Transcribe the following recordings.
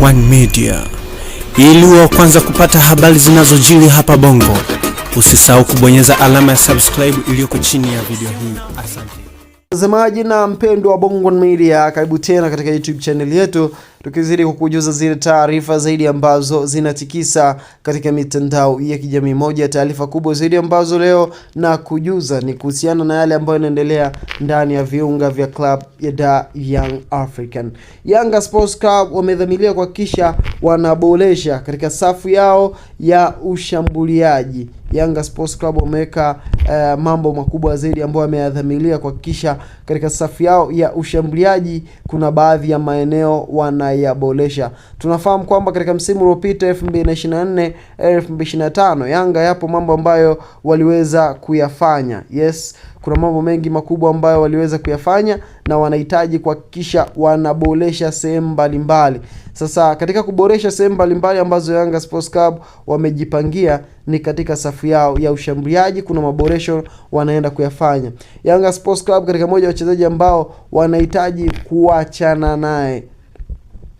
One Media ili wa kwanza kupata habari zinazojiri hapa Bongo. Usisahau kubonyeza alama ya subscribe iliyoko chini ya video hii. Asante. Mtazamaji na mpendo wa Bongo Media, karibu tena katika YouTube channel yetu, tukizidi kukujuza zile taarifa zaidi ambazo zinatikisa katika mitandao ya kijamii. Moja ya taarifa kubwa zaidi ambazo leo na kujuza ni kuhusiana na yale ambayo yanaendelea ndani ya viunga vya club ya Da Young African. Yanga Sports Club wamedhamiria kuhakikisha wanaboresha katika safu yao ya ushambuliaji. Yanga Sports Club wameweka uh, mambo makubwa zaidi ambayo ameyadhamiria kuhakikisha katika safu yao ya ushambuliaji kuna baadhi ya maeneo wanayaboresha. Tunafahamu kwamba katika msimu uliopita 2024 2025 Yanga yapo mambo ambayo waliweza kuyafanya. Yes, kuna mambo mengi makubwa ambayo waliweza kuyafanya na wanahitaji kuhakikisha wanaboresha sehemu mbalimbali. Sasa katika kuboresha sehemu mbalimbali ambazo Yanga Sports Club wamejipangia ni katika safu yao ya ushambuliaji kuna maboresho Federation wanaenda kuyafanya. Yanga Sports Club katika moja wachezaji ambao wanahitaji kuachana naye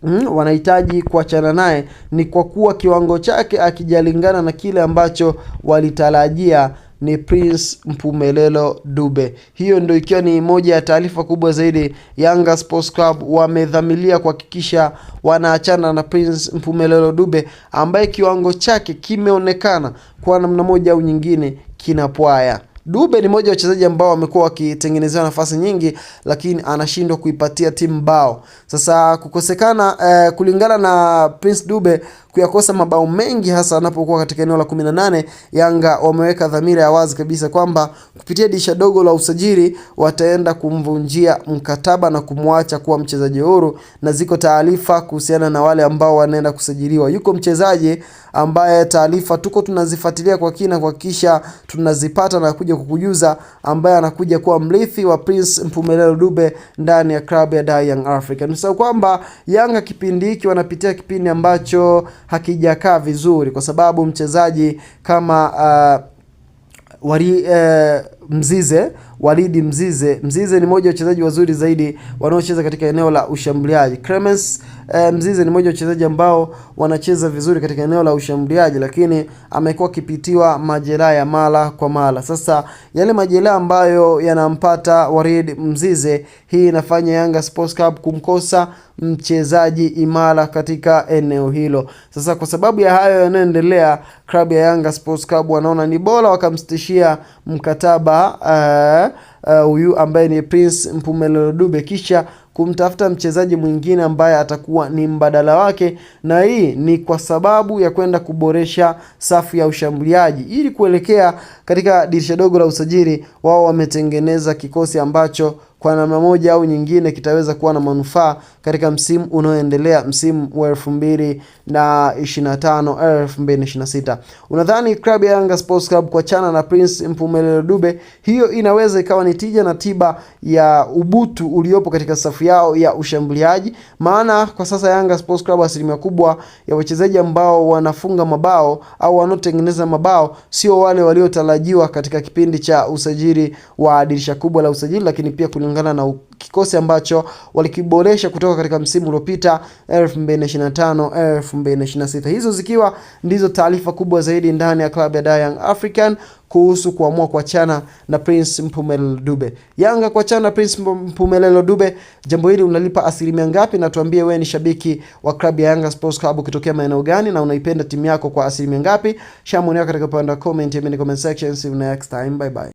Mm, wanahitaji kuachana naye ni kwa kuwa kiwango chake akijalingana na kile ambacho walitarajia ni Prince Mpumelelo Dube. Hiyo ndio ikiwa ni moja ya taarifa kubwa zaidi. Yanga Sports Club wamedhamilia kuhakikisha wanaachana na Prince Mpumelelo Dube ambaye kiwango chake kimeonekana kwa namna moja au nyingine Kinapwaya. Dube ni mmoja wa wachezaji ambao wamekuwa wakitengenezewa nafasi nyingi, lakini anashindwa kuipatia timu bao. Sasa kukosekana eh, kulingana na Prince Dube kuyakosa mabao mengi, hasa anapokuwa katika eneo la 18. Yanga wameweka dhamira ya wazi kabisa kwamba kupitia dirisha dogo la usajili wataenda kumvunjia mkataba na kumwacha kuwa mchezaji huru, na ziko taarifa kuhusiana na wale ambao wanaenda kusajiliwa. Yuko mchezaji ambaye taarifa tuko tunazifuatilia kwa kina kuhakikisha tunazipata na kuja kukujuza, ambaye anakuja kuwa mrithi wa Prince Mpumelelo Dube ndani ya klabu ya Young Africa. Nisahau kwamba Yanga kipindi hiki wanapitia kipindi ambacho hakijakaa vizuri, kwa sababu mchezaji kama uh, ah, wari uh, eh, Mzize, Walidi Mzize. Mzize ni mmoja wa wachezaji wazuri zaidi wanaocheza katika eneo la ushambuliaji. Clemens eh, Mzize ni mmoja wa wachezaji ambao wanacheza vizuri katika eneo la ushambuliaji, lakini amekuwa akipitiwa majeraha ya mara kwa mara. Sasa yale majeraha ambayo yanampata Walid Mzize, hii inafanya Yanga Sports Club kumkosa mchezaji imara katika eneo hilo. Sasa kwa sababu ya hayo yanayoendelea, klabu ya Yanga Sports Club wanaona ni bora wakamsitishia mkataba 呃。Eh, huyu uh, ambaye ni Prince Mpumelelo Dube kisha kumtafuta mchezaji mwingine ambaye atakuwa ni mbadala wake, na hii ni kwa sababu ya kwenda kuboresha safu ya ushambuliaji ili kuelekea katika dirisha dogo la usajili. Wao wametengeneza kikosi ambacho kwa namna moja au nyingine kitaweza kuwa na manufaa katika msimu unaoendelea, msimu wa 2025 2026. Eh, Unadhani klabu ya Yanga Sports Club kuachana na Prince Mpumelelo Dube hiyo inaweza ikawa ni tija na tiba ya ubutu uliopo katika safu yao ya ushambuliaji, maana kwa sasa Yanga Sports Club asilimia kubwa ya wachezaji ambao wanafunga mabao au wanaotengeneza mabao sio wale waliotarajiwa katika kipindi cha usajili wa dirisha kubwa la usajili, lakini pia kulingana na kikosi ambacho walikiboresha kutoka katika msimu uliopita 2025 2026. Hizo zikiwa ndizo taarifa kubwa zaidi ndani ya klabu ya Young African kuhusu kuamua kuachana na Prince Mpumelelo Dube. Yanga kuachana na Prince Mpumelelo Dube, jambo hili unalipa asilimia ngapi? Na tuambie wewe ni shabiki wa klabu ya Yanga Sports Club ukitokea maeneo gani, na unaipenda timu yako kwa asilimia ngapi? Shamu yako katika upande wa comment, comment section. See you next time, bye bye.